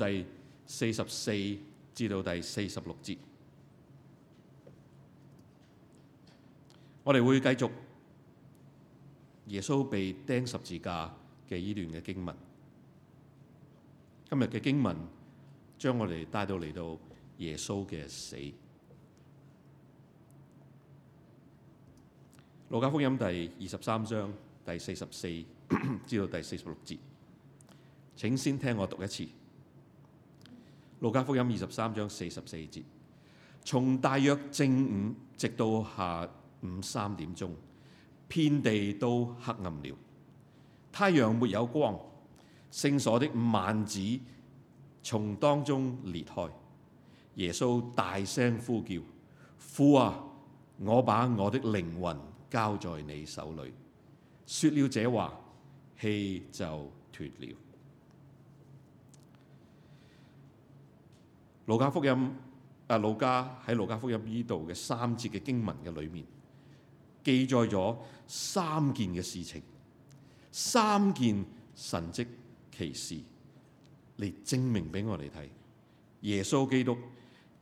第四十四至到第四十六節，我哋會繼續耶穌被釘十字架嘅呢段嘅經文。今日嘅經文將我哋帶到嚟到耶穌嘅死。路加福音第二十三章第四十四至到第四十六節，請先聽我讀一次。路加福音二十三章四十四節，從大約正午直到下午三點鐘，遍地都黑暗了，太陽沒有光，聖所的幔子從當中裂開，耶穌大聲呼叫：父啊，我把我的靈魂交在你手裏。說了這話，氣就斷了。路加福音啊，路加喺路加福音呢度嘅三節嘅經文嘅裏面，記載咗三件嘅事情，三件神跡奇事嚟證明俾我哋睇，耶穌基督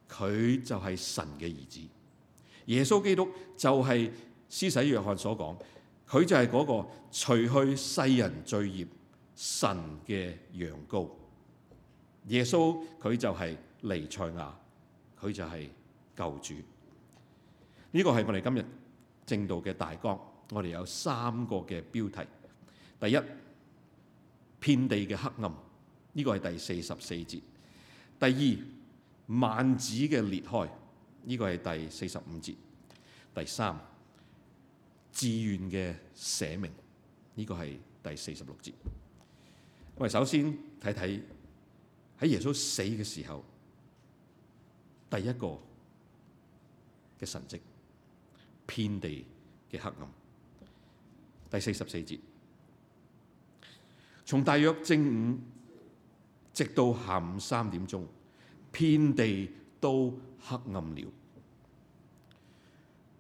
佢就係神嘅兒子，耶穌基督就係施洗約翰所講，佢就係嗰個除去世人罪孽神嘅羊羔，耶穌佢就係、是。尼賽亞佢就係救主，呢、這個係我哋今日正道嘅大綱。我哋有三個嘅標題：第一，遍地嘅黑暗，呢、這個係第四十四節；第二，幔子嘅裂開，呢、這個係第四十五節；第三，自願嘅捨命，呢、這個係第四十六節。我哋首先睇睇喺耶穌死嘅時候。第一個嘅神跡，遍地嘅黑暗。第四十四節，從大約正午直到下午三點鐘，遍地都黑暗了。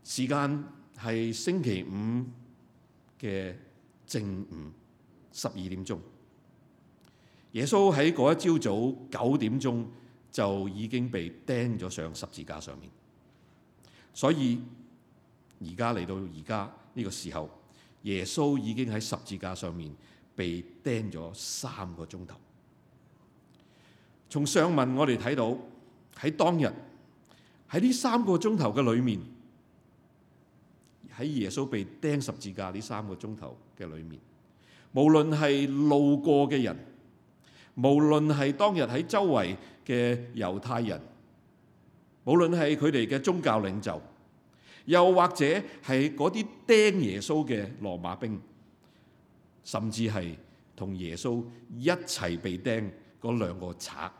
時間係星期五嘅正午十二點鐘，耶穌喺嗰一朝早九點鐘，就已經被釘咗上十字架上面，所以而家嚟到而家呢個時候，耶穌已經喺十字架上面被釘咗三個鐘頭。從上文我哋睇到，喺當日，喺呢三個鐘頭嘅裏面，喺耶穌被釘十字架呢三個鐘頭嘅裏面，無論係路過嘅人，無論係當日喺周圍嘅猶太人，無論係佢哋嘅宗教領袖，又或者係嗰啲釘耶穌嘅羅馬兵，甚至係同耶穌一齊被釘嗰兩個賊，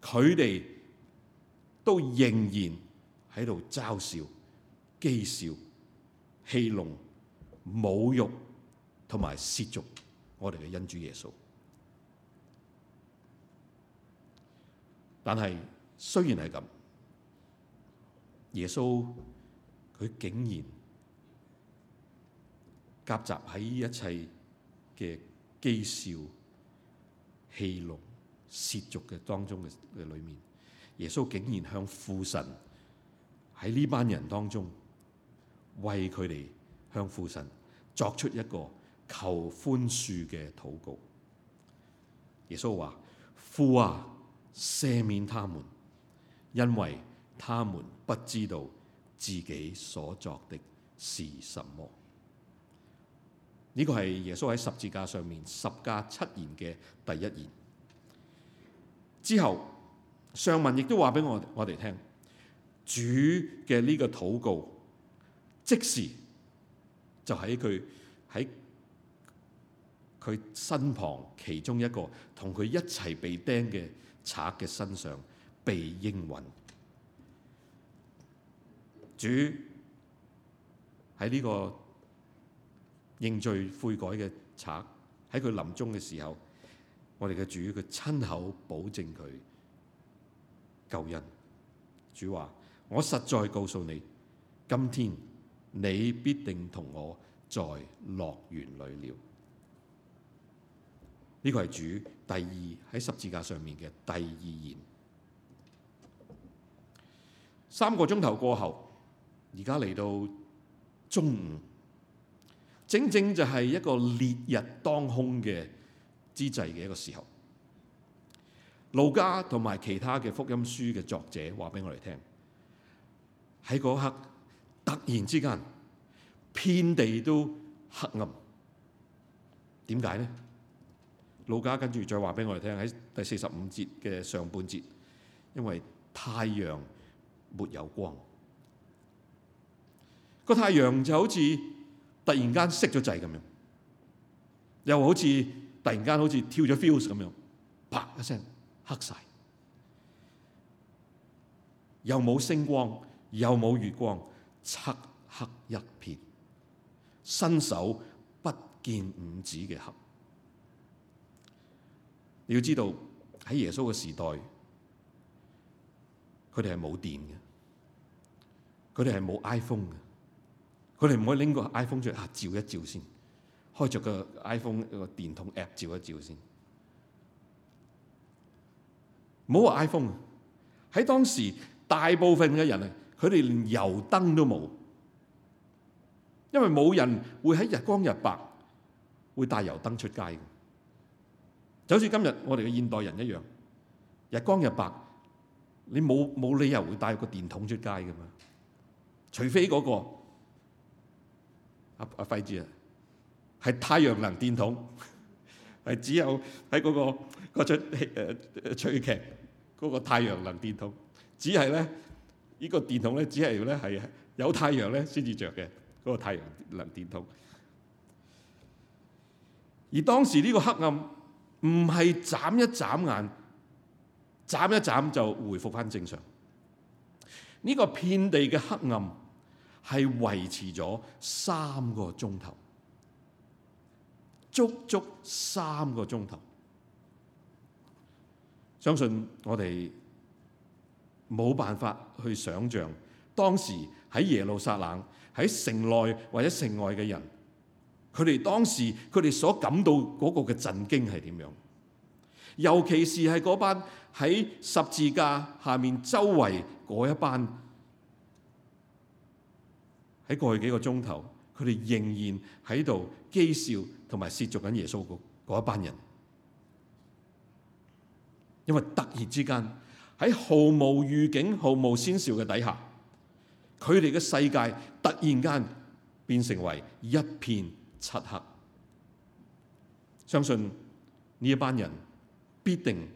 佢哋都仍然喺度嘲笑、譏笑、戲弄、侮辱同埋褻瀆我哋嘅恩主耶穌。但係雖然係咁，耶穌佢竟然夾雜喺呢一切嘅譏笑、戲弄、褻瀆嘅當中嘅嘅裏面，耶穌竟然向父神喺呢班人當中為佢哋向父神作出一個求寬恕嘅禱告。耶穌話：父啊！赦免他們，因為他們不知道自己所作的是什麼。呢個係耶穌喺十字架上面十架七言嘅第一言。之後上文亦都話俾我我哋聽，主嘅呢個禱告，即時就喺佢喺佢身旁，其中一個同佢一齊被釘嘅賊嘅身上被應允，主喺呢個認罪悔改嘅賊，喺佢臨終嘅時候，我哋嘅主佢親口保證佢救恩。主話：我實在告訴你，今天你必定同我在樂園裏了。呢個係主第二喺十字架上面嘅第二言。三個鐘頭過後，而家嚟到中午，正正就係一個烈日當空嘅之際嘅一個時候。路加同埋其他嘅福音書嘅作者話俾我哋聽，喺嗰刻突然之間遍地都黑暗，點解咧？路加跟住再話俾我哋聽，喺第四十五節嘅上半節，因為太陽沒有光，個太陽就好似突然間熄咗掣咁樣，又好似突然間好似跳咗 fuse 咁樣，啪一聲黑晒，又冇星光，又冇月光，漆黑一片，伸手不見五指嘅黑。要知道喺耶穌嘅時代，佢哋係冇電嘅，佢哋係冇 iPhone 嘅，佢哋唔可以拎個 iPhone 出嚟嚇、啊、照一照先，開着個 iPhone 個電筒 app 照一照先。唔好話 iPhone 啊！喺當時大部分嘅人啊，佢哋連油燈都冇，因為冇人會喺日光日白會帶油燈出街嘅。就好似今日我哋嘅現代人一樣，日光日白，你冇冇理由會帶個電筒出街㗎嘛？除非嗰、嗰個阿阿輝子啊，係、啊、太陽能電筒，係只有喺嗰、嗰個嗰出趣劇嗰個太陽能電筒，只係咧呢、呢個電筒咧，只係咧係有太陽咧先至着嘅嗰、嗰個太陽能電筒。而當時呢個黑暗。唔係眨一眨眼，眨一眨就回復翻正常。呢個遍地嘅黑暗係維持咗三個鐘頭，足足三個鐘頭。相信我哋冇辦法去想像當時喺耶路撒冷喺城內或者城外嘅人。佢哋當時佢哋所感到嗰個嘅震驚係點樣？尤其是係嗰班喺十字架下面周圍嗰一班喺過去幾個鐘頭，佢哋仍然喺度譏笑同埋涉著緊耶穌嗰嗰一班人，因為突然之間喺毫無預警、毫無先兆嘅底下，佢哋嘅世界突然間變成為一片漆黑，相信呢一班人必定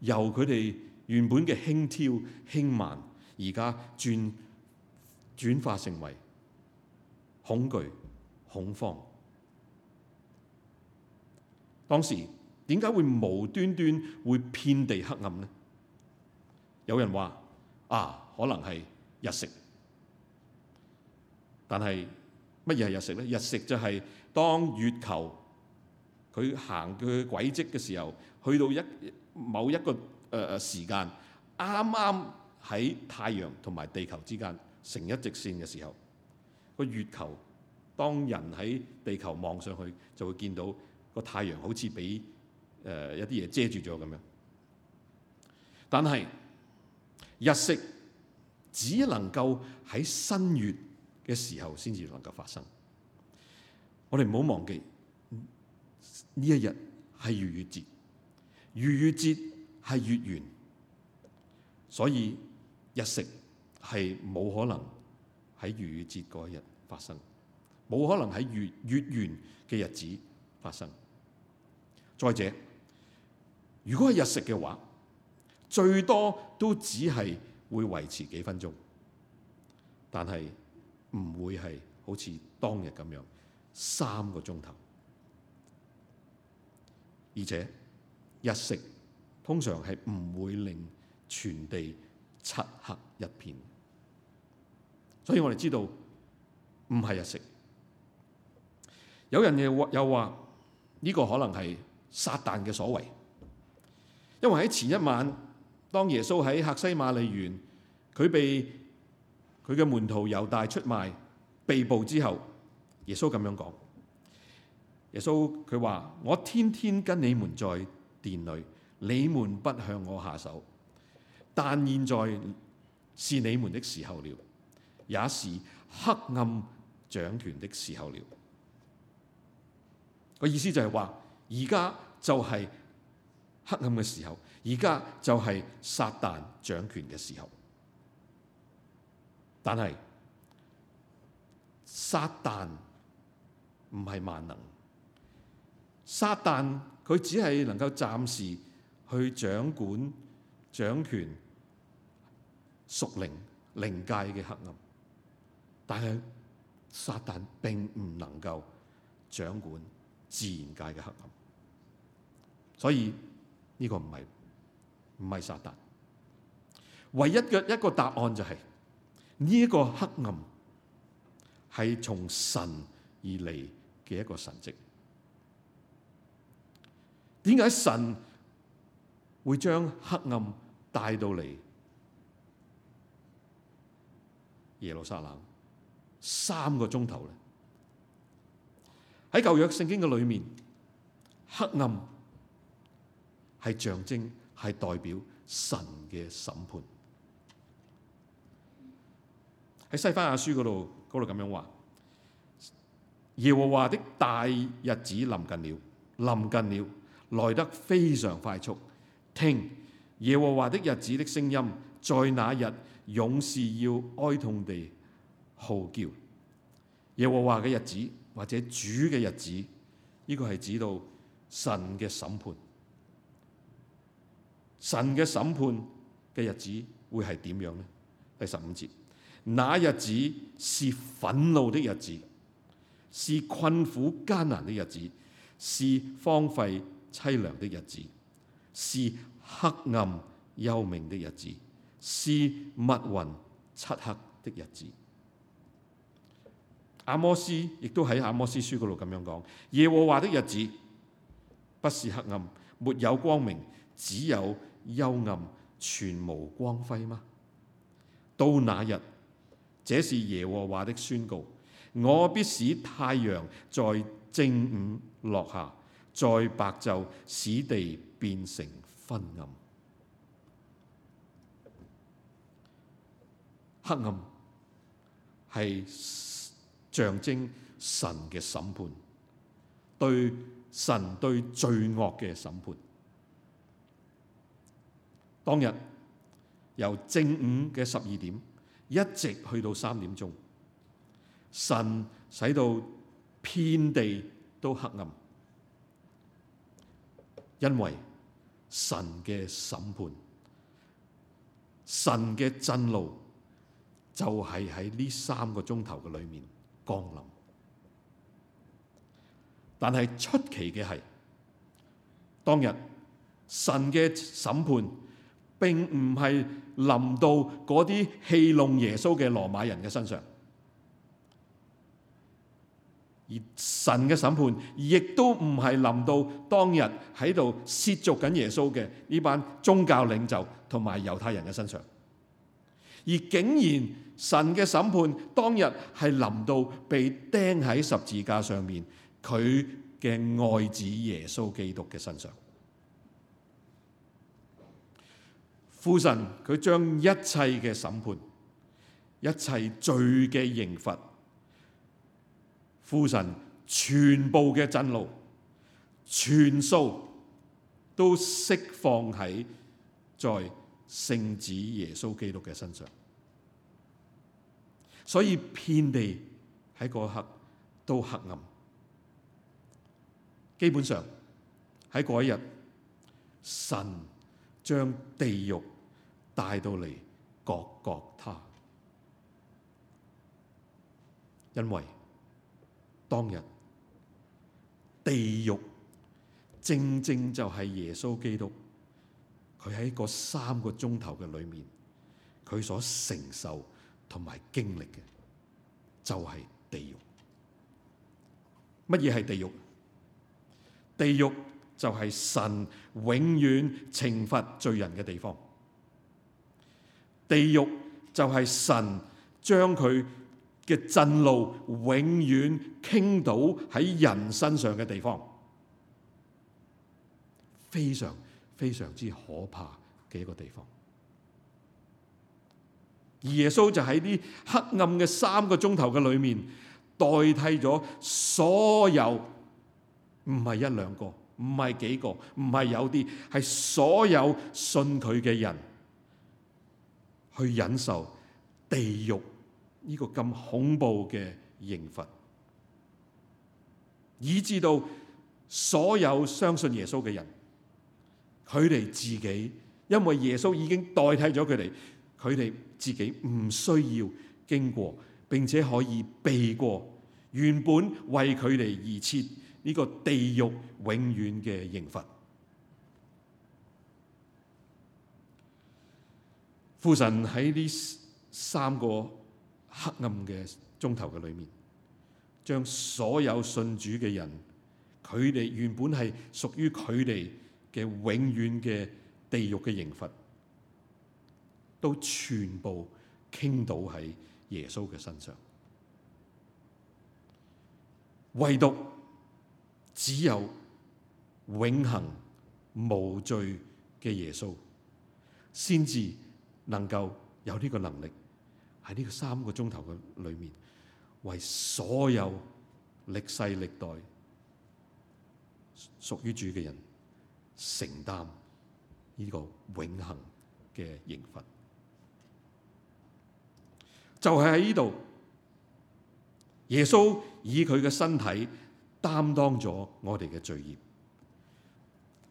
由佢哋原本嘅輕佻輕慢，而家轉轉化成為恐懼、恐慌。當時點解會無端端會遍地黑暗呢？有人話：啊，可能係日食，但係。乜嘢係日食咧？日食就係當月球佢行佢軌跡嘅時候，去到一某一個誒誒、呃、時間，啱啱喺太陽同埋地球之間成一直綫嘅時候，個月球當人喺地球望上去就會見到個太陽好似俾誒一啲嘢遮住咗咁樣。但係日食只能夠喺新月。嘅時候先至能夠發生，我哋唔好忘記呢一日係逾越節，逾越節係月圓，所以日食係冇可能喺逾越節嗰一日發生，冇可能喺月月圓嘅日子發生。再者，如果係日食嘅話，最多都只係會維持幾分鐘，但係，唔會係好似當日咁樣三個鐘頭，而且日食通常係唔會令全地漆黑一片，所以我哋知道唔係日食。有人又又話呢個可能係撒旦嘅所為，因為喺前一晚，當耶穌喺客西馬利園，佢被佢嘅門徒猶大出賣、被捕之後，耶穌咁樣講：耶穌佢話：我天天跟你們在殿裏，你們不向我下手，但現在是你們的時候了，也是黑暗掌權的時候了。個意思就係話，而家就係黑暗嘅時候，而家就係撒旦掌權嘅時候。但係撒旦唔係萬能，撒旦佢只係能夠暫時去掌管掌權屬靈靈界嘅黑暗，但係撒旦並唔能夠掌管自然界嘅黑暗，所以呢個唔係唔係撒旦。唯一嘅一個答案就係、是。呢一個黑暗係從神而嚟嘅一個神蹟。點解神會將黑暗帶到嚟耶路撒冷三個鐘頭咧？喺舊約聖經嘅裏面，黑暗係象徵，係代表神嘅審判。喺西番雅書嗰度，嗰度咁樣話：耶和華的大日子臨近了，臨近了，來得非常快速。聽耶和華的日子的聲音，在那日勇士要哀痛地號叫。耶和華嘅日子或者主嘅日子，呢、這個係指到神嘅審判。神嘅審判嘅日子會係點樣呢？第」第十五節。那日子是憤怒的日子，是困苦艱難的日子，是荒廢淒涼的日子，是黑暗幽冥的日子，是密雲漆黑的日子。阿摩斯亦都喺阿摩斯書嗰度咁樣講：耶和華的日子不是黑暗，沒有光明，只有幽暗，全無光輝嗎？到那日。這是耶和華的宣告：我必使太陽在正午落下，在白晝使地變成昏暗。黑暗係象徵神嘅審判，對神對罪惡嘅審判。當日，由正午嘅十二點。一直去到三點鐘，神使到遍地都黑暗，因為神嘅審判、神嘅震怒就係喺呢三個鐘頭嘅裏面降臨。但係出奇嘅係，當日神嘅審判並唔係，臨到嗰啲戲弄耶穌嘅羅馬人嘅身上，而神嘅審判亦都唔係臨到當日喺度褻瀆緊耶穌嘅呢班宗教領袖同埋猶太人嘅身上，而竟然神嘅審判當日係臨到被釘喺十字架上面佢嘅愛子耶穌基督嘅身上。父神佢將一切嘅審判、一切罪嘅刑罰、父神全部嘅震怒全數都釋放喺在聖子耶穌基督嘅身上，所以遍地喺嗰刻都黑暗。基本上喺嗰一日，神將地獄帶到嚟各各他，因為當日地獄正正就係耶穌基督，佢喺嗰三個鐘頭嘅裏面，佢所承受同埋經歷嘅就係地獄。乜嘢係地獄？地獄就係神永遠懲罰罪人嘅地方。地獄就係神將佢嘅震怒永遠傾倒喺人身上嘅地方，非常非常之可怕嘅一個地方。而耶穌就喺啲黑暗嘅三個鐘頭嘅裏面，代替咗所有，唔係一兩個，唔係幾個，唔係有啲，係所有信佢嘅人。去忍受地獄呢個咁恐怖嘅刑罰，以至到所有相信耶穌嘅人，佢哋自己因為耶穌已經代替咗佢哋，佢哋自己唔需要經過，並且可以避過原本為佢哋而設呢個地獄永遠嘅刑罰。父神喺呢三個黑暗嘅鐘頭嘅裏面，將所有信主嘅人，佢哋原本係屬於佢哋嘅永遠嘅地獄嘅刑罰，都全部傾倒喺耶穌嘅身上。唯獨只有永恆無罪嘅耶穌，先至。能夠有呢個能力喺呢個三個鐘頭嘅裏面，為所有歷世歷代屬於主嘅人承擔呢個永恆嘅刑罰，就係喺呢度，耶穌以佢嘅身體擔當咗我哋嘅罪孽，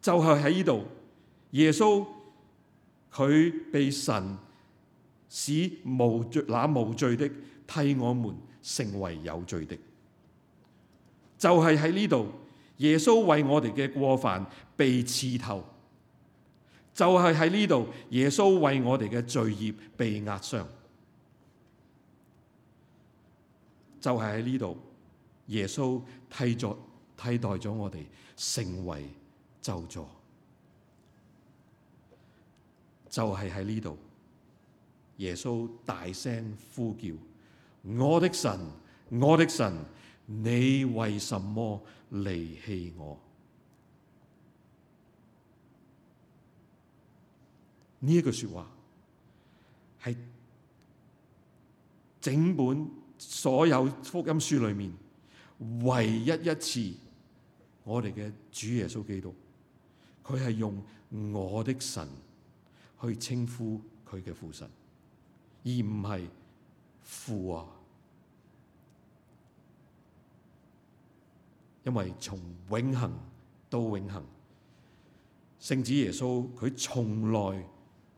就係喺呢度，耶穌。佢被神使無罪，那無罪的替我們成為有罪的，就係喺呢度，耶穌為我哋嘅過犯被刺透；就係喺呢度，耶穌為我哋嘅罪孽被壓傷；就係喺呢度，耶穌替咗替代咗我哋成為咒詛。就係喺呢度，耶穌大聲呼叫：我的神，我的神，你為什麼離棄我？呢一句說話係整本所有福音書裏面唯一一次，我哋嘅主耶穌基督，佢係用我的神。去稱呼佢嘅父神，而唔係父啊。因為從永恆到永恆，聖子耶穌佢從來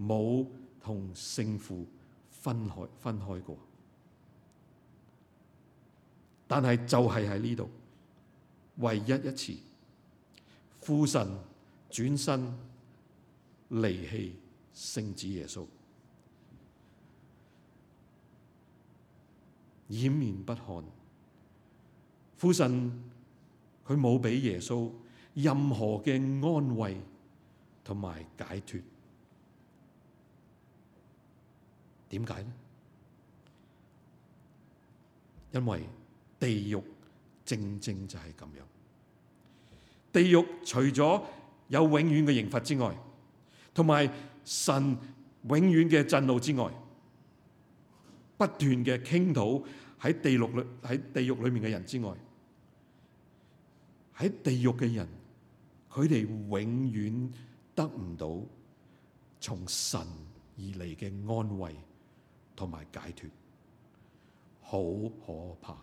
冇同聖父分開分開過，但係就係喺呢度，唯一一次，父神轉身離棄。聖子耶穌掩面不看，父神佢冇俾耶穌任何嘅安慰同埋解脫，點解呢？因為地獄正正就係咁樣，地獄除咗有永遠嘅刑罰之外，同埋。神永遠嘅震怒之外，不斷嘅傾倒喺地獄裏喺地獄裏面嘅人之外，喺地獄嘅人，佢哋永遠得唔到從神而嚟嘅安慰同埋解脫，好可怕！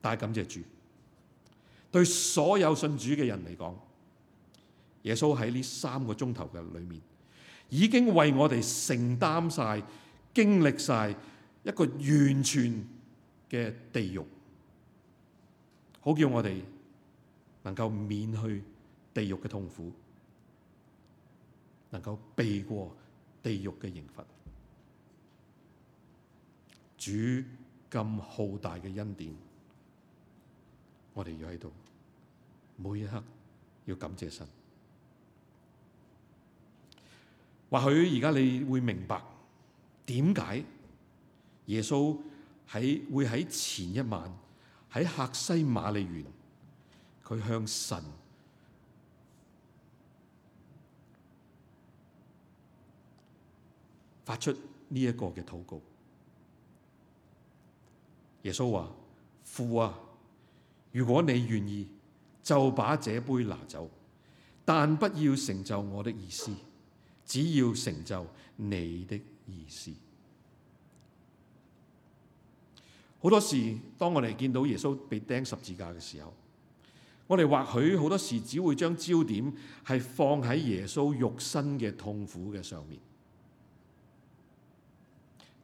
但係感謝主，對所有信主嘅人嚟講。耶穌喺呢三個鐘頭嘅裏面，已經為我哋承擔晒，經歷晒一個完全嘅地獄，好叫我哋能夠免去地獄嘅痛苦，能夠避過地獄嘅刑罰。主咁浩大嘅恩典，我哋要喺度每一刻要感謝神。或許而家你會明白點解耶穌喺會喺前一晚喺客西馬利園，佢向神發出呢一個嘅禱告。耶穌話，父啊，如果你願意，就把這杯拿走，但不要成就我的意思。只要成就你的意思，好多時，當我哋見到耶穌被釘十字架嘅時候，我哋或許好多時只會將焦點係放喺耶穌肉身嘅痛苦嘅上面，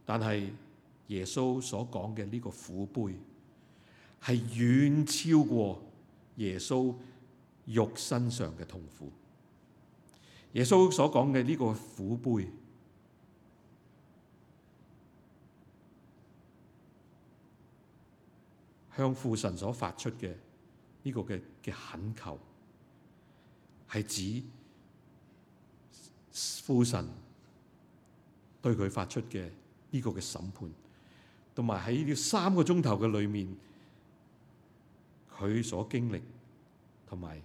但係耶穌所講嘅呢個苦杯，係遠超過耶穌肉身上嘅痛苦。耶穌所講嘅呢個苦杯，向父神所發出嘅呢個嘅嘅懇求，係指父神對佢發出嘅呢個嘅審判，同埋喺呢三個鐘頭嘅裏面，佢所經歷，同埋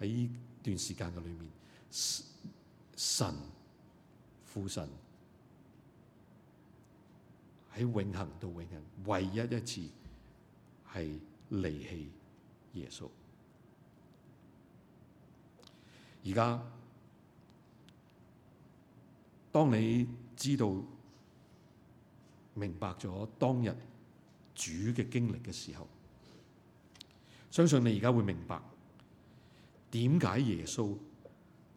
喺呢段時間嘅裏面。神父神喺永恒到永恒，唯一一次係離棄耶穌。而家當你知道明白咗當日主嘅經歷嘅時候，相信你而家會明白點解耶穌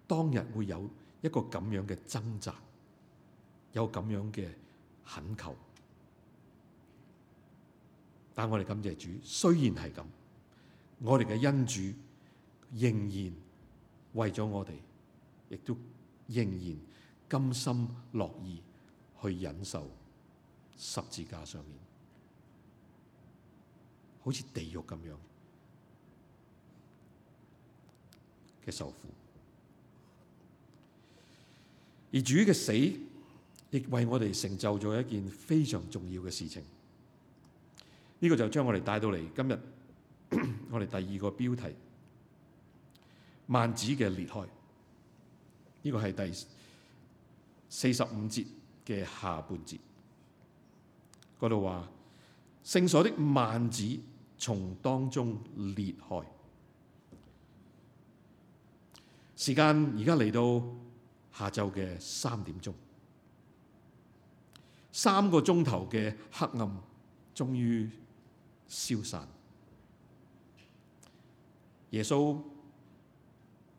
當日會有。一個咁樣嘅掙扎，有咁樣嘅懇求，但係我哋感謝主，雖然係咁，我哋嘅恩主仍然為咗我哋，亦都仍然甘心樂意去忍受十字架上面，好似地獄咁樣嘅受苦。而主嘅死，亦為我哋成就咗一件非常重要嘅事情。呢、這個就將我哋帶到嚟今日，我哋第二個標題：幔子嘅裂開。呢、這個係第四十五節嘅下半節，嗰度話聖所的幔子從當中裂開。時間而家嚟到。下晝嘅三點鐘，三個鐘頭嘅黑暗終於消散。耶穌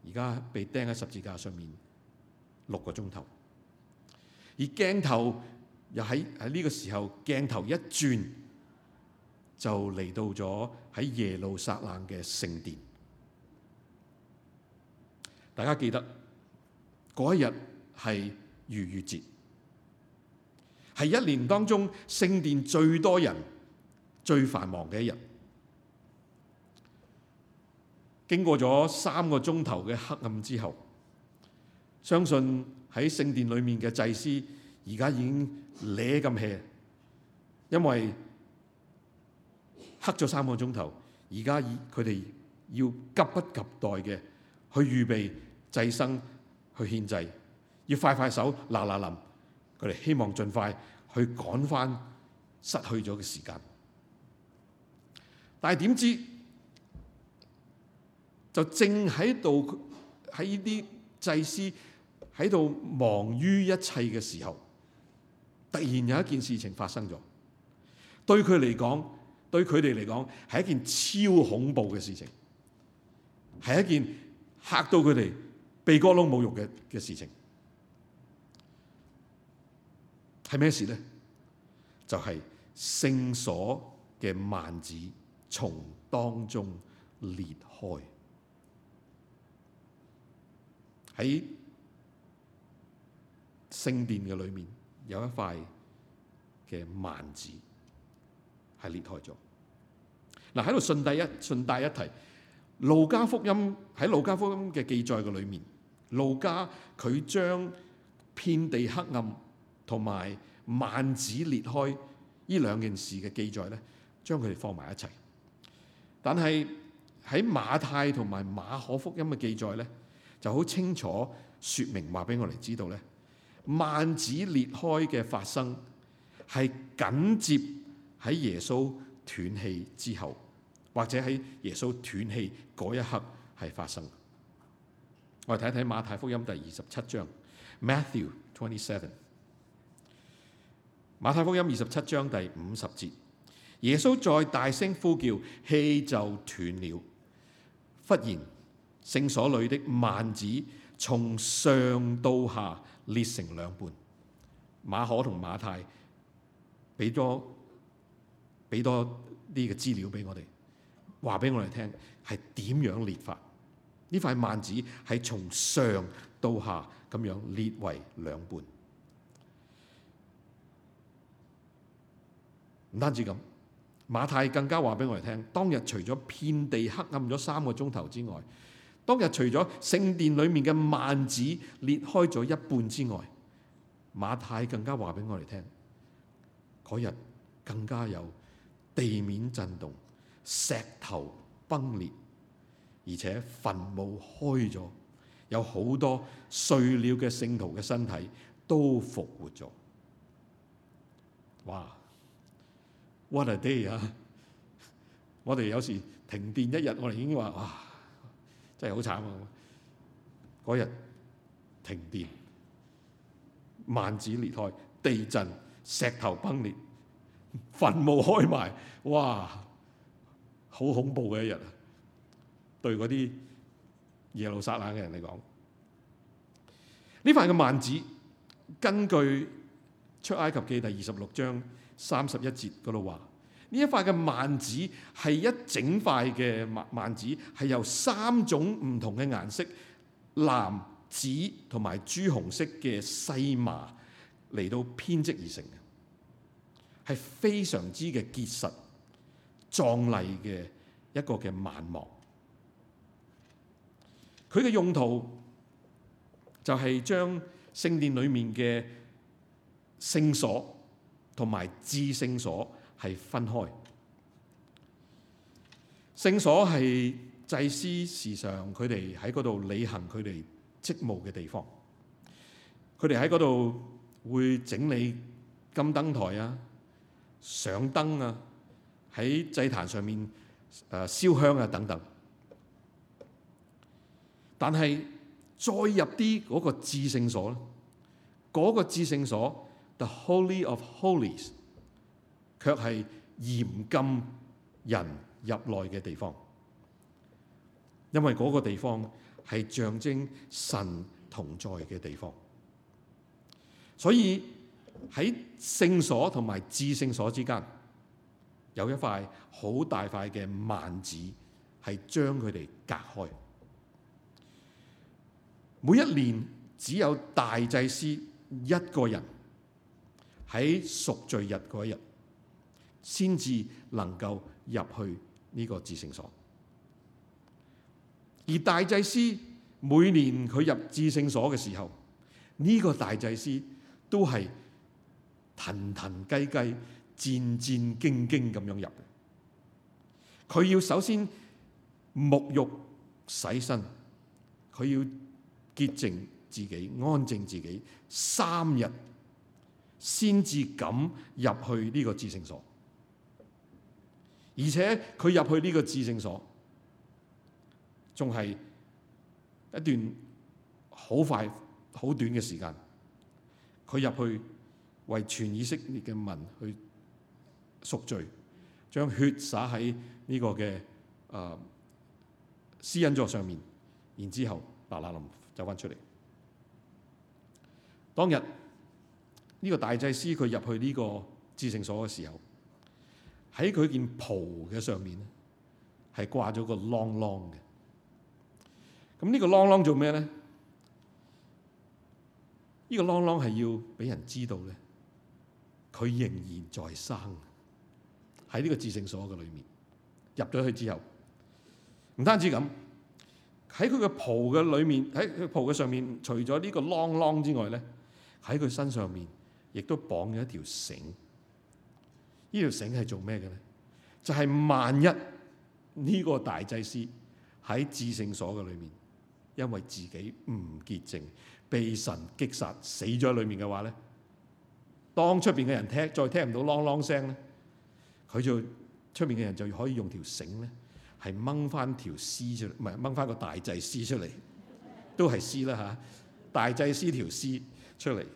而家被釘喺十字架上面六個鐘頭，而鏡頭又喺喺呢個時候鏡頭一轉，就嚟到咗喺耶路撒冷嘅聖殿。大家記得。嗰一日係逾越節，係一年當中聖殿最多人、最繁忙嘅一日。經過咗三個鐘頭嘅黑暗之後，相信喺聖殿裡面嘅祭司而家已經攣咁氣，因為黑咗三個鐘頭，而家佢哋要急不及待嘅去預備祭牲。去獻祭，要快快手，嗱嗱臨，佢哋希望盡快去趕翻失去咗嘅時間。但係點知就正喺度，喺呢啲祭司喺度忙於一切嘅時候，突然有一件事情發生咗，對佢嚟講，對佢哋嚟講，係一件超恐怖嘅事情，係一件吓到佢哋。鼻哥窿冇肉嘅嘅事情係咩事咧？就係聖所嘅幔子從當中裂開，喺聖殿嘅裏面有一塊嘅幔子係裂開咗。嗱，喺度順帶一順帶一提，路加福音，喺路加福音嘅記載嘅裏面。路加佢將遍地黑暗同埋幔子裂開呢兩件事嘅記載咧，將佢哋放埋一齊，但係喺馬太同埋馬可福音嘅記載咧，就好清楚說明話俾我哋知道咧，幔子裂開嘅發生係緊接喺耶穌斷氣之後，或者喺耶穌斷氣一刻係發生。我哋睇睇馬太福音第二十七章，Matthew twenty seven，馬太福音二十七章第五十節，耶穌再大聲呼叫，氣就斷了。忽然，聖所裏的幔子從上到下裂成兩半。馬可同馬太俾多俾多呢個資料俾我哋，話俾我哋聽係點樣裂法。呢塊幔子係從上到下咁樣裂為兩半，唔單止咁，馬太更加話俾我哋聽：當日除咗遍地黑暗咗三個鐘頭之外，當日除咗聖殿裡面嘅幔子裂開咗一半之外，馬太更加話俾我哋聽，嗰日更加有地面震動、石頭崩裂。而且墳墓開咗，有好多碎了嘅聖徒嘅身體都復活咗。哇！What a day 啊，我哋有時停電一日，我哋已經話哇，真係好慘啊！嗰日停電，幔子裂開，地震，石頭崩裂，墳墓開埋，哇！好恐怖嘅一日啊！對嗰啲耶路撒冷嘅人嚟講，呢塊嘅幔子，根據出埃及記第二十六章三十一節嗰度話，呢一塊嘅幔子係一整塊嘅幔幔子，係由三種唔同嘅顏色藍、紫同埋朱紅色嘅細麻嚟到編織而成嘅，係非常之嘅結實壯麗嘅一個嘅幔幕。佢嘅用途就係將聖殿裡面嘅聖所同埋至聖所係分開。聖所係祭司時常佢哋喺嗰度履行佢哋職務嘅地方。佢哋喺嗰度會整理金燈台啊、上燈啊、喺祭壇上面誒燒香啊等等。但係再入啲個至聖所、那個至聖所咧，個個至聖所 the holy of holies，卻係嚴禁人入內嘅地方，因為個個地方係象徵神同在嘅地方。所以喺聖所同埋至聖所之間有一塊好大塊嘅幔子，係將佢哋隔開。每一年只有大祭司一個人喺贖罪日嗰一日，先至能夠入去呢個至聖所。而大祭司每年佢入至聖所嘅時候，呢個大祭司都係騰騰雞雞、戰戰兢兢咁樣入。佢要首先沐浴洗身，佢要，潔淨自己，安靜自己三日，先至敢入去呢個至聖所。而且佢入去呢個至聖所，仲係一段好快、好短嘅時間。佢入去為全以色列嘅民去贖罪，將血灑喺呢個嘅啊、呃、施恩座上面，然之後嗱嗱臨。立立立走翻出嚟。當日呢個大祭司佢入去呢個致聖所嘅時候，喺佢件袍嘅上面咧，係掛咗個啷啷嘅。咁呢個啷啷做咩咧？呢個啷啷係要俾人知道咧，佢仍然在生喺呢個致聖所嘅裏面。入咗去之後，唔單止咁。喺佢嘅袍嘅裏面，喺佢袍嘅上面，除咗呢個啷啷之外咧，喺佢身上面亦都綁咗一條繩。條繩呢條繩係做咩嘅咧？就係、是、萬一呢個大祭司喺至聖所嘅裏面，因為自己唔潔淨，被神擊殺死咗喺裏面嘅話咧，當出邊嘅人聽，再聽唔到啷啷聲咧，佢就出邊嘅人就可以用條繩咧。係掹翻條屍出嚟，唔係掹翻個大祭司出嚟，都係屍啦嚇。大祭司條屍出嚟，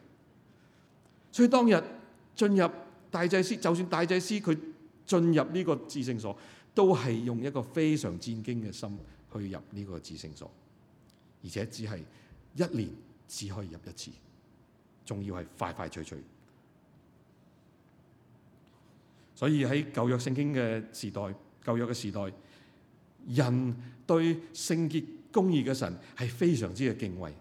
所以當日進入大祭司，就算大祭司佢進入呢個至聖所，都係用一個非常戰兢嘅心去入呢個至聖所，而且只係一年只可以入一次，仲要係快快脆脆。所以喺舊約聖經嘅時代，舊約嘅時代。人對聖潔公義嘅神係非常之敬畏，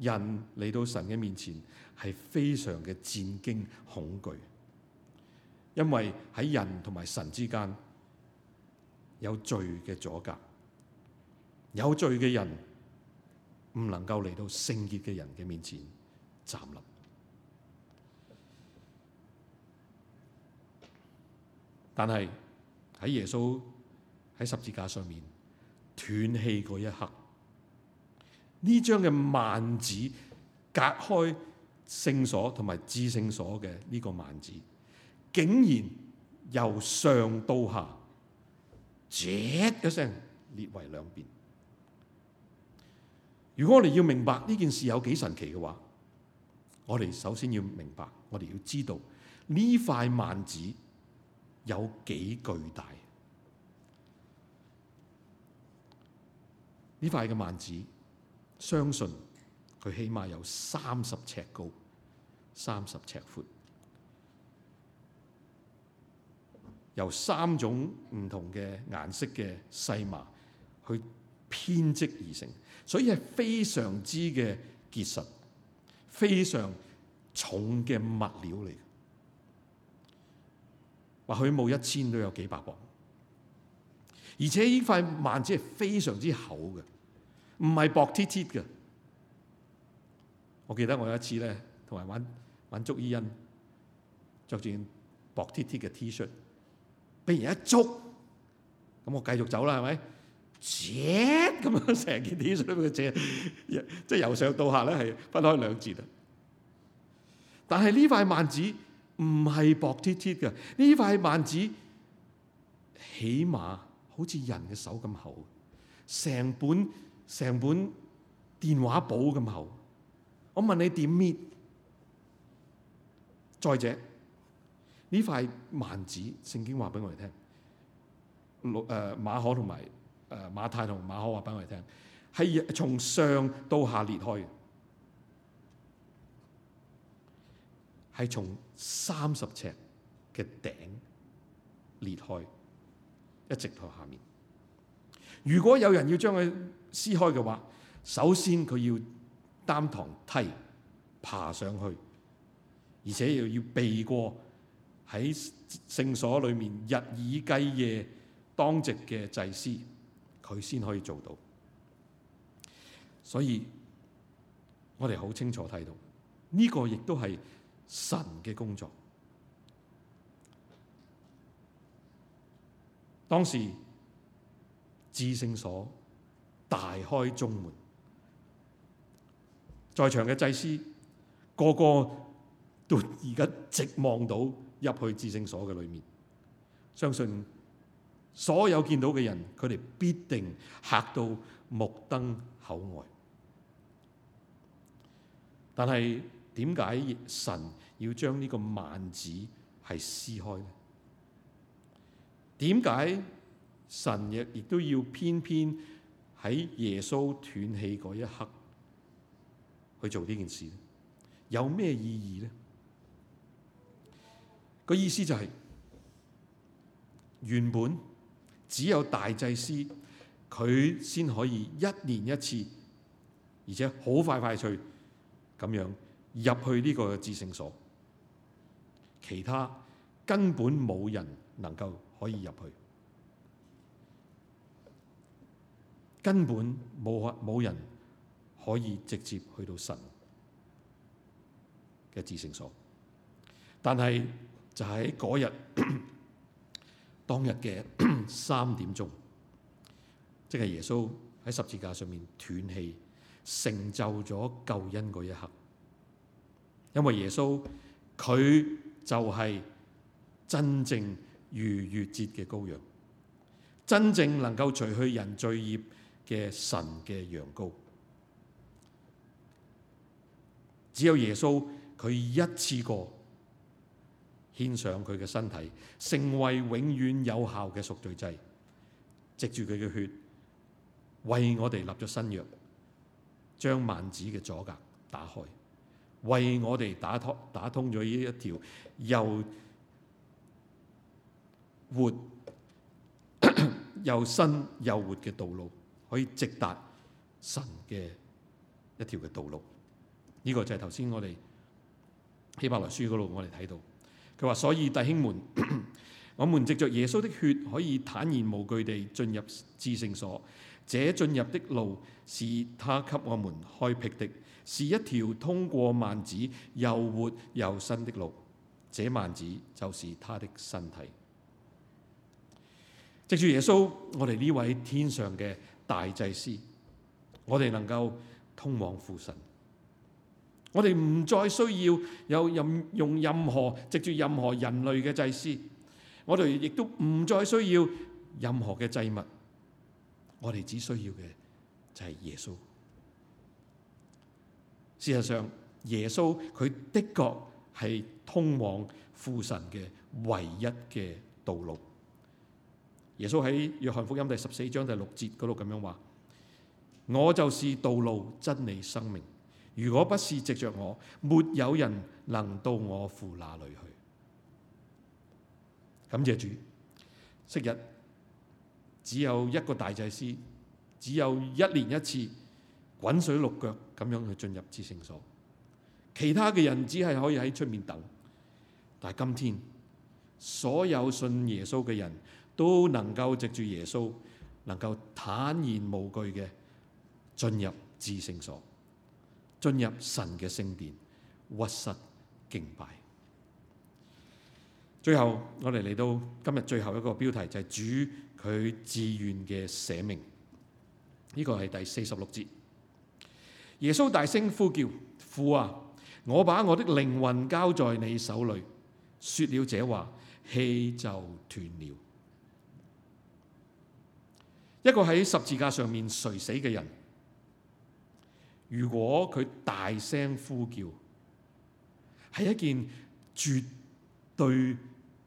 人嚟到神嘅面前係非常嘅戰兢恐懼，因為喺人同埋神之間有罪嘅阻隔，有罪嘅人唔能夠嚟到聖潔嘅人嘅面前站立，但係。喺耶穌喺十字架上面斷氣嗰一刻，呢張嘅幔子隔開聖所同埋至聖所嘅呢個幔子，竟然由上到下，嘖一聲裂為兩邊。如果我哋要明白呢件事有幾神奇嘅話，我哋首先要明白，我哋要知道呢塊幔子，有幾巨大？呢塊嘅幔子，相信佢起碼有三十尺高，三十尺闊，由三種唔同嘅顏色嘅細麻去編織而成，所以係非常之嘅結實、非常重嘅物料嚟。或許冇一千都有幾百磅，而且呢塊幔子係非常之厚嘅，唔係薄貼貼嘅。我記得我有一次咧，同埋玩玩捉依因，着住薄貼貼嘅 T 恤畀人一捉。咁我繼續走啦，係咪？折咁樣成件 T 恤畀佢折，即係由上到下咧係分開兩截啦。但係呢塊幔子。唔係薄切切嘅，呢塊幔子起碼好似人嘅手咁厚，成本成本電話簿咁厚。我問你點搣？再者呢塊幔子，聖經話俾我哋聽，老誒馬可同埋誒馬太同馬可話俾我哋聽，係從上到下裂開嘅。係從三十尺嘅頂裂開，一直到下面。如果有人要將佢撕開嘅話，首先佢要擔堂梯爬上去，而且又要避過喺聖所裏面日以繼夜當值嘅祭司，佢先可以做到。所以，我哋好清楚睇到呢個亦都係。神嘅工作，當時至聖所大開中門，在場嘅祭司個個都而家直望到入去至聖所嘅裏面，相信所有見到嘅人，佢哋必定嚇到目瞪口呆。但係，點解神要將呢個幔子係撕開咧？點解神亦亦都要偏偏喺耶穌斷氣嗰一刻去做呢件事咧？有咩意義呢？個意思就係、是、原本只有大祭司佢先可以一年一次，而且好快快脆咁樣，入去呢個嘅至聖所，其他根本冇人能夠可以入去，根本冇冇人可以直接去到神嘅至聖所。但係就喺嗰日當日嘅三點鐘，即係耶穌喺十字架上面斷氣、成就咗救恩嗰一刻。因為耶穌佢就係真正逾越節嘅羔羊，真正能夠除去人罪孽嘅神嘅羊羔，只有耶穌佢一次過獻上佢嘅身體，成為永遠有效嘅贖罪祭，藉住佢嘅血為我哋立咗新約，將萬子嘅阻隔打開。為我哋打，打通打通咗呢一條又活咳咳又新又活嘅道路，可以直達神嘅一條嘅道路。呢、這個就係頭先我哋希伯來書嗰度我哋睇到，佢話：所以弟兄們，我們藉着耶穌的血可以坦然無懼地進入至聖所，這進入的路是祂給我們開闢的。是一條通過幔子又活又新的路，這幔子就是他的身體。藉住耶穌，我哋呢位天上嘅大祭司，我哋能夠通往父神。我哋唔再需要有任用任何藉住任何人類嘅祭司，我哋亦都唔再需要任何嘅祭物，我哋只需要嘅就係耶穌。事實上，耶穌佢的確係通往父神嘅唯一嘅道路。耶穌喺約翰福音第十四章第六節嗰度咁樣話：我就是道路、真理、生命。如果不是藉著我，沒有人能到我父那裡去。感謝主。昔日只有一個大祭司，只有一年一次滾水淥腳。咁樣去進入至聖所，其他嘅人只係可以喺出面等。但係今天，所有信耶穌嘅人都能夠藉住耶穌，能夠坦然無懼嘅進入至聖所，進入神嘅聖殿，屈膝敬拜。最後，我哋嚟到今日最後一個標題，就係主佢自願嘅捨命。呢個係第四十六節。耶穌大聲呼叫，父啊！我把我的靈魂交在你手裏。說了這話，氣就斷了。一個喺十字架上面垂死嘅人，如果佢大聲呼叫，係一件絕對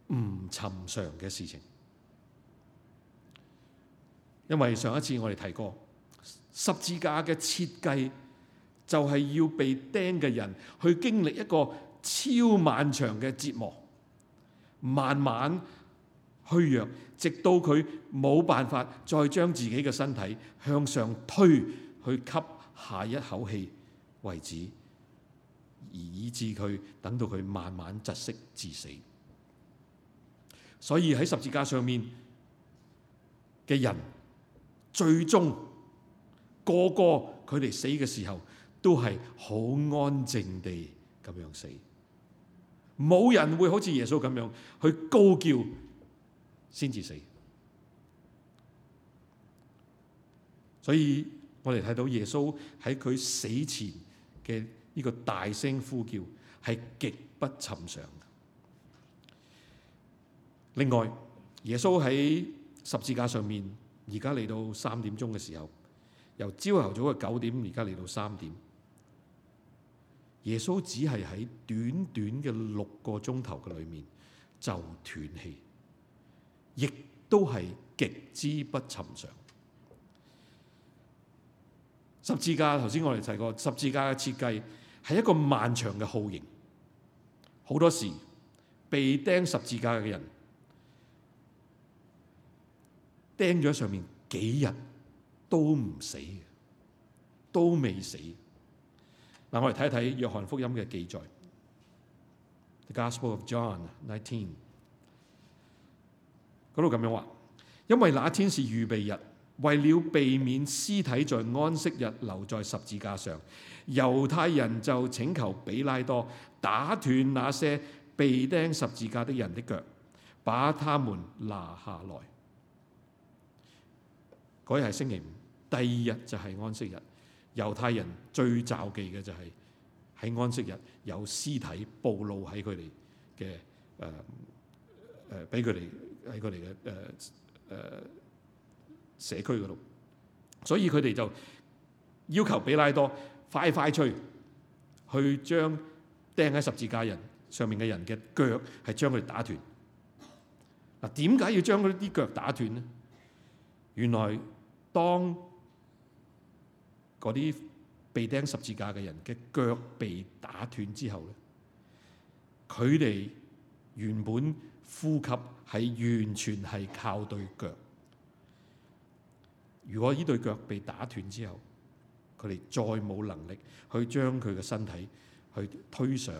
唔尋常嘅事情。因為上一次我哋提過十字架嘅設計。就係要被釘嘅人去經歷一個超漫長嘅折磨，慢慢虛弱，直到佢冇辦法再將自己嘅身體向上推去吸下一口氣為止，以致佢等到佢慢慢窒息致死。所以喺十字架上面嘅人，最終個個佢哋死嘅時候。都係好安靜地咁樣死，冇人會好似耶穌咁樣去高叫先至死。所以我哋睇到耶穌喺佢死前嘅呢個大聲呼叫係極不尋常。另外，耶穌喺十字架上面，而家嚟到三點鐘嘅時候，由朝頭早嘅九點，而家嚟到三點。耶穌只係喺短短嘅六個鐘頭嘅裏面就斷氣，亦都係極之不尋常。十字架，頭先我哋提過，十字架嘅設計係一個漫長嘅酷刑，好多時被釘十字架嘅人釘咗上面幾日都唔死，都未死。嗱，我哋嚟睇一睇《約翰福音》嘅記載，《The Gospel of John》19。嗰度咁樣話：因為那天是預備日，為了避免屍體在安息日留在十字架上，猶太人就請求比拉多打斷那些被釘十字架的人的腳，把他們拿下來。嗰日係星期五，第二日就係安息日。猶太人最棹忌嘅就係喺安息日有屍體暴露喺佢哋嘅，誒誒，俾佢哋喺佢哋嘅誒誒社區嗰度，所以佢哋就要求彼拉多快快脆去將釘喺十字架人上面嘅人嘅腳係將佢哋打斷。嗱，點解要將嗰啲腳打斷呢？原來當嗰啲被釘十字架嘅人嘅腳被打斷之後咧，佢哋原本呼吸係完全係靠對腳。如果呢對腳被打斷之後，佢哋再冇能力去將佢嘅身體去推上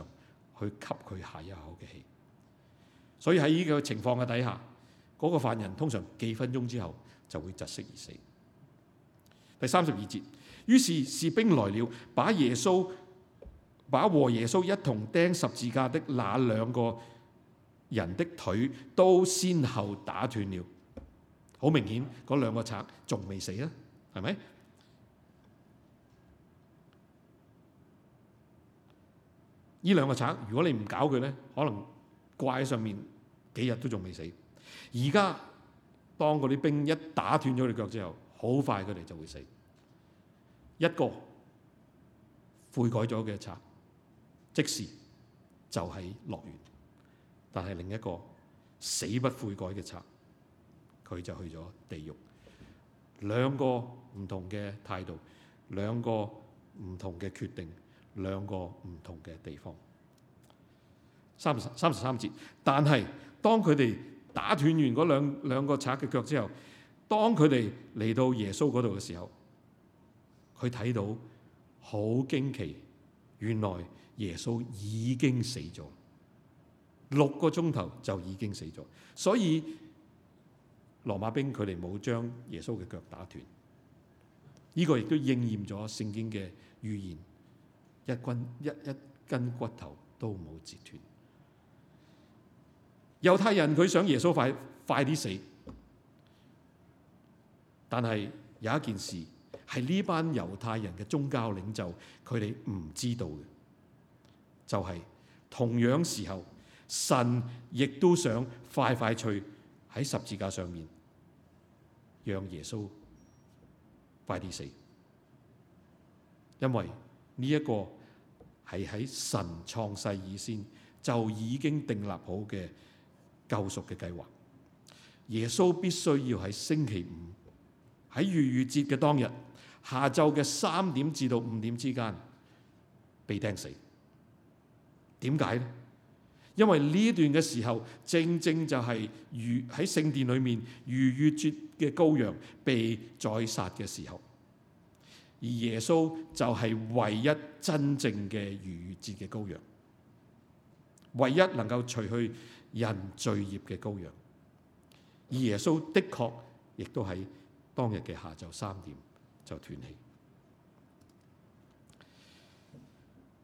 去吸佢下一口嘅氣。所以喺呢個情況嘅底下，嗰個犯人通常幾分鐘之後就會窒息而死。第三十二節。於是士兵來了，把耶穌、把和耶穌一同釘十字架的那兩個人的腿都先後打斷了。好明顯，嗰兩個賊仲未死啊，係咪？呢兩個賊，如果你唔搞佢咧，可能掛喺上面幾日都仲未死。而家當嗰啲兵一打斷咗佢腳之後，好快佢哋就會死。一個悔改咗嘅賊，即時就喺樂園；但係另一個死不悔改嘅賊，佢就去咗地獄。兩個唔同嘅態度，兩個唔同嘅決定，兩個唔同嘅地方。三十三十三節，但係當佢哋打斷完嗰兩兩個賊嘅腳之後，當佢哋嚟到耶穌嗰度嘅時候。佢睇到好驚奇，原來耶穌已經死咗，六個鐘頭就已經死咗，所以羅馬兵佢哋冇將耶穌嘅腳打斷，呢個亦都應驗咗聖經嘅預言，一根一一根骨頭都冇折斷。猶太人佢想耶穌快快啲死，但係有一件事。係呢班猶太人嘅宗教領袖，佢哋唔知道嘅，就係同樣時候，神亦都想快快脆喺十字架上面，讓耶穌快啲死，因為呢一個係喺神創世以先就已經訂立好嘅救贖嘅計劃。耶穌必須要喺星期五喺逾越節嘅當日。下晝嘅三點至到五點之間被釘死，點解咧？因為呢段嘅時候正正就係如喺聖殿裏面逾越節嘅羔羊被宰殺嘅時候，而耶穌就係唯一真正嘅逾越節嘅羔羊，唯一能夠除去人罪孽嘅羔羊。而耶穌的確亦都喺當日嘅下晝三點。就斷氣。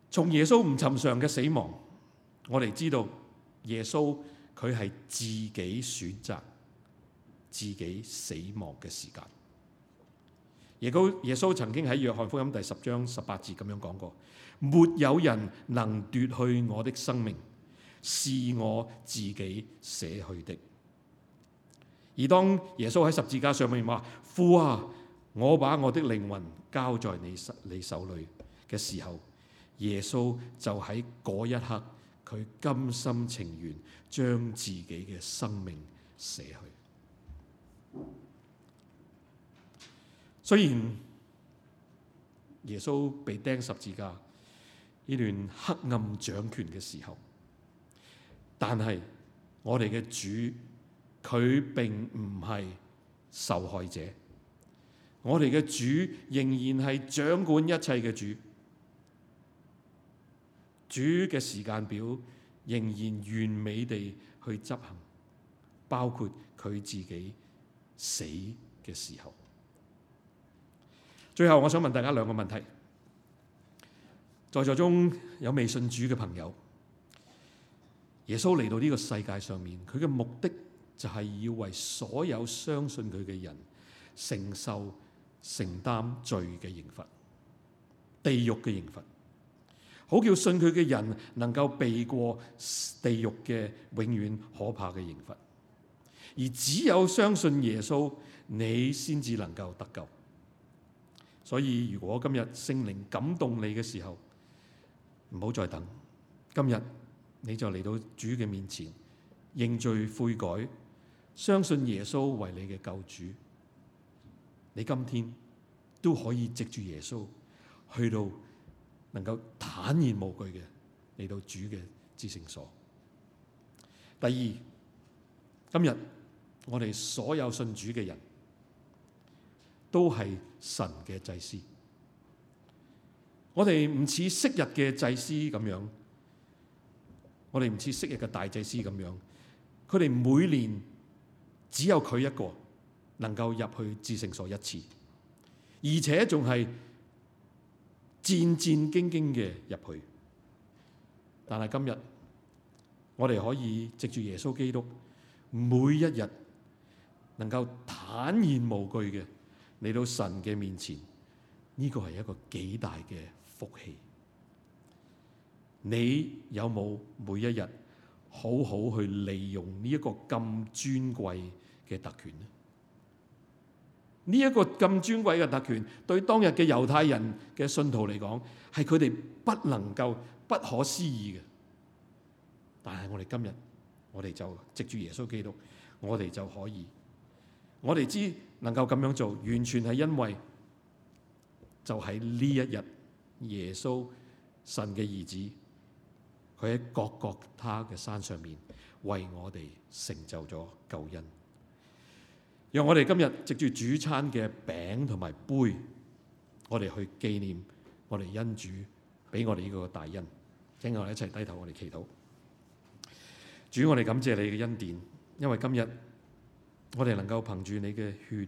從耶穌唔尋常嘅死亡，我哋知道耶穌佢係自己選擇自己死亡嘅時間。耶穌耶穌曾經喺約翰福音第十章十八節咁樣講過：「沒有人能奪去我的生命，是我自己捨去的。」而當耶穌喺十字架上面話：「父啊！我把我的靈魂交在你手你手裏嘅時候，耶穌就喺嗰一刻，佢甘心情願將自己嘅生命捨去。雖然耶穌被釘十字架，呢段黑暗掌權嘅時候，但係我哋嘅主佢並唔係受害者。我哋嘅主仍然係掌管一切嘅主，主嘅時間表仍然完美地去執行，包括佢自己死嘅時候。最後，我想問大家兩個問題：在座中有未信主嘅朋友，耶穌嚟到呢個世界上面，佢嘅目的就係要為所有相信佢嘅人承受。承擔罪嘅刑罰，地獄嘅刑罰，好叫信佢嘅人能夠避過地獄嘅永遠可怕嘅刑罰。而只有相信耶穌，你先至能夠得救。所以如果今日聖靈感動你嘅時候，唔好再等，今日你就嚟到主嘅面前，認罪悔改，相信耶穌為你嘅救主。你今天都可以藉住耶穌去到，能夠坦然無懼嘅嚟到主嘅至聖所。第二，今日我哋所有信主嘅人，都係神嘅祭司。我哋唔似昔日嘅祭司咁樣，我哋唔似昔日嘅大祭司咁樣，佢哋每年只有佢一個。能夠入去至聖所一次，而且仲係戰戰兢兢嘅入去。但係今日我哋可以藉住耶穌基督，每一日能夠坦然無懼嘅嚟到神嘅面前，呢、呢個係一個幾大嘅福氣。你有冇每一日好好去利用呢一個咁尊貴嘅特權呢？呢一個咁尊貴嘅特權，對當日嘅猶太人嘅信徒嚟講，係佢哋不能夠、不可思議嘅。但係我哋今日，我哋就藉住耶穌基督，我哋就可以，我哋知能夠咁樣做，完全係因為就喺呢一日，耶穌神嘅兒子，佢喺各各他嘅山上面，為我哋成就咗救恩。讓我哋今日藉住主餐嘅餅同埋杯，我哋去紀念我哋恩主俾我哋呢個大恩。請我哋一齊低頭，我哋祈禱。主，我哋感謝你嘅恩典，因為今日我哋能夠憑住你嘅血，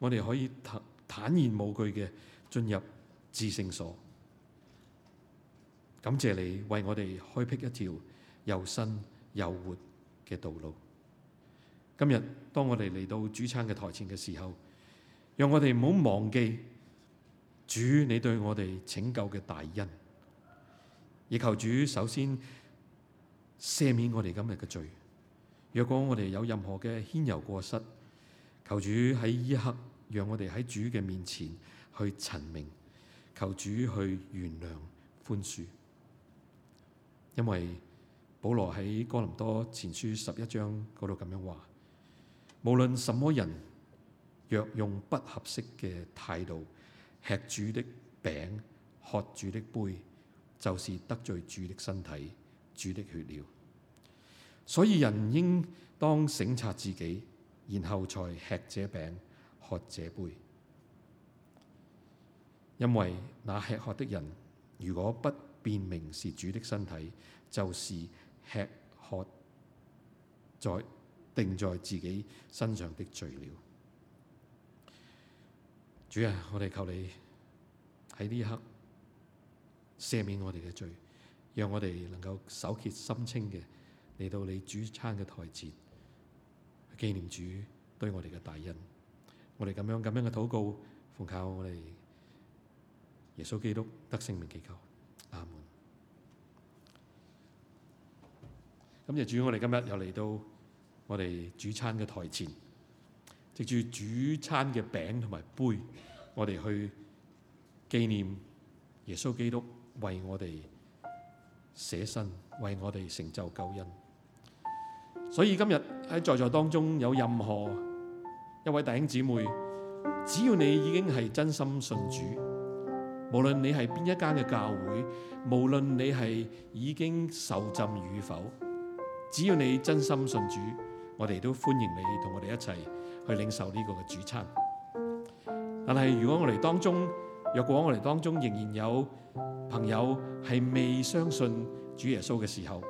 我哋可以坦坦然無懼嘅進入至聖所。感謝你為我哋開闢一條又新又活嘅道路。今日當我哋嚟到主餐嘅台前嘅時候，讓我哋唔好忘記主你對我哋拯救嘅大恩。而求主首先赦免我哋今日嘅罪。若果我哋有任何嘅牽柔過失，求主喺依刻讓我哋喺主嘅面前去陳明，求主去原諒寬恕。因為保羅喺哥林多前書十一章嗰度咁樣話。無論什麼人，若用不合適嘅態度吃主的餅、喝主的杯，就是得罪主的身體、主的血了。所以人應當省察自己，然後才吃這餅、喝這杯。因為那吃喝的人，如果不辨明是主的身體，就是吃喝在定在自己身上的罪了。主啊，我哋求你喺呢刻赦免我哋嘅罪，讓我哋能夠手潔心清嘅嚟到你主餐嘅台前，紀念主對我哋嘅大恩。我哋咁樣咁樣嘅禱告，奉靠我哋耶穌基督得聖名祈求。阿門。今日主，我哋今日又嚟到。我哋主餐嘅台前，藉住主餐嘅餅同埋杯，我哋去紀念耶穌基督為我哋捨身，為我哋成就救恩。所以今日喺在，在座當中，有任何一位弟兄姊妹，只要你已經係真心信主，無論你係邊一間嘅教會，無論你係已經受浸與否，只要你真心信主。我哋都歡迎你同我哋一齊去領受呢個嘅主餐。但係如果我哋當中，若果我哋當中仍然有朋友係未相信主耶穌嘅時候，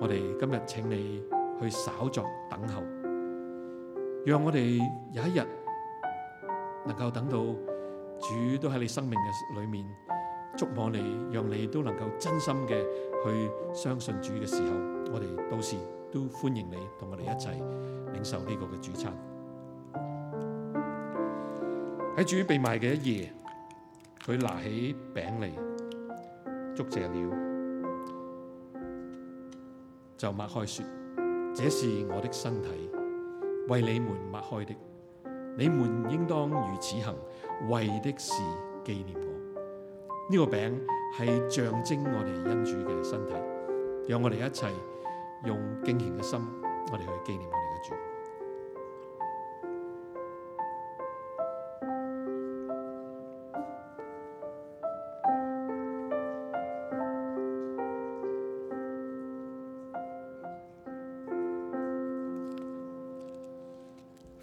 我哋今日請你去稍作等候，讓我哋有一日能夠等到主都喺你生命嘅裏面觸摸你，讓你都能夠真心嘅去相信主嘅時候，我哋到時。都歡迎你同我哋一齊領受呢個嘅主餐。喺主被賣嘅一夜，佢拿起餅嚟，祝謝了，就擘開説：這是我的身體，為你們擘開的。你們應當如此行，為的是紀念我。呢、這個餅係象徵我哋恩主嘅身體，讓我哋一齊。用敬虔嘅心，我哋去紀念我哋嘅主。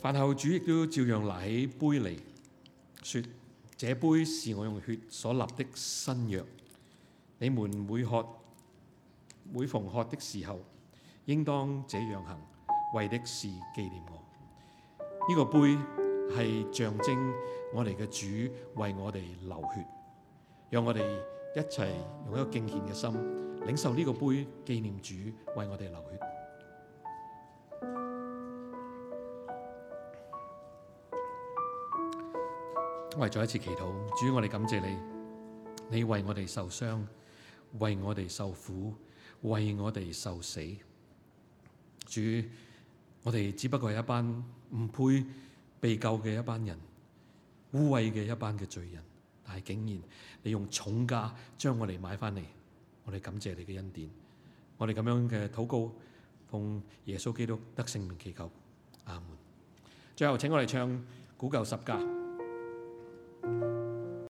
飯後主亦都照樣拿起杯嚟，說：這杯是我用血所立的新約。你們每喝，每逢喝的時候。應當這樣行，為的是紀念我。呢、這個杯係象徵我哋嘅主為我哋流血，讓我哋一齊用一個敬虔嘅心領受呢個杯紀念主為我哋流血。我嚟再一次祈禱，主，我哋感謝你，你為我哋受傷，為我哋受苦，為我哋受死。主，我哋只不過係一班唔配被救嘅一班人，污穢嘅一班嘅罪人，但係竟然你用重價將我哋買翻嚟，我哋感謝你嘅恩典。我哋咁樣嘅禱告，奉耶穌基督得聖名祈求，阿門。最後請我哋唱古舊十架。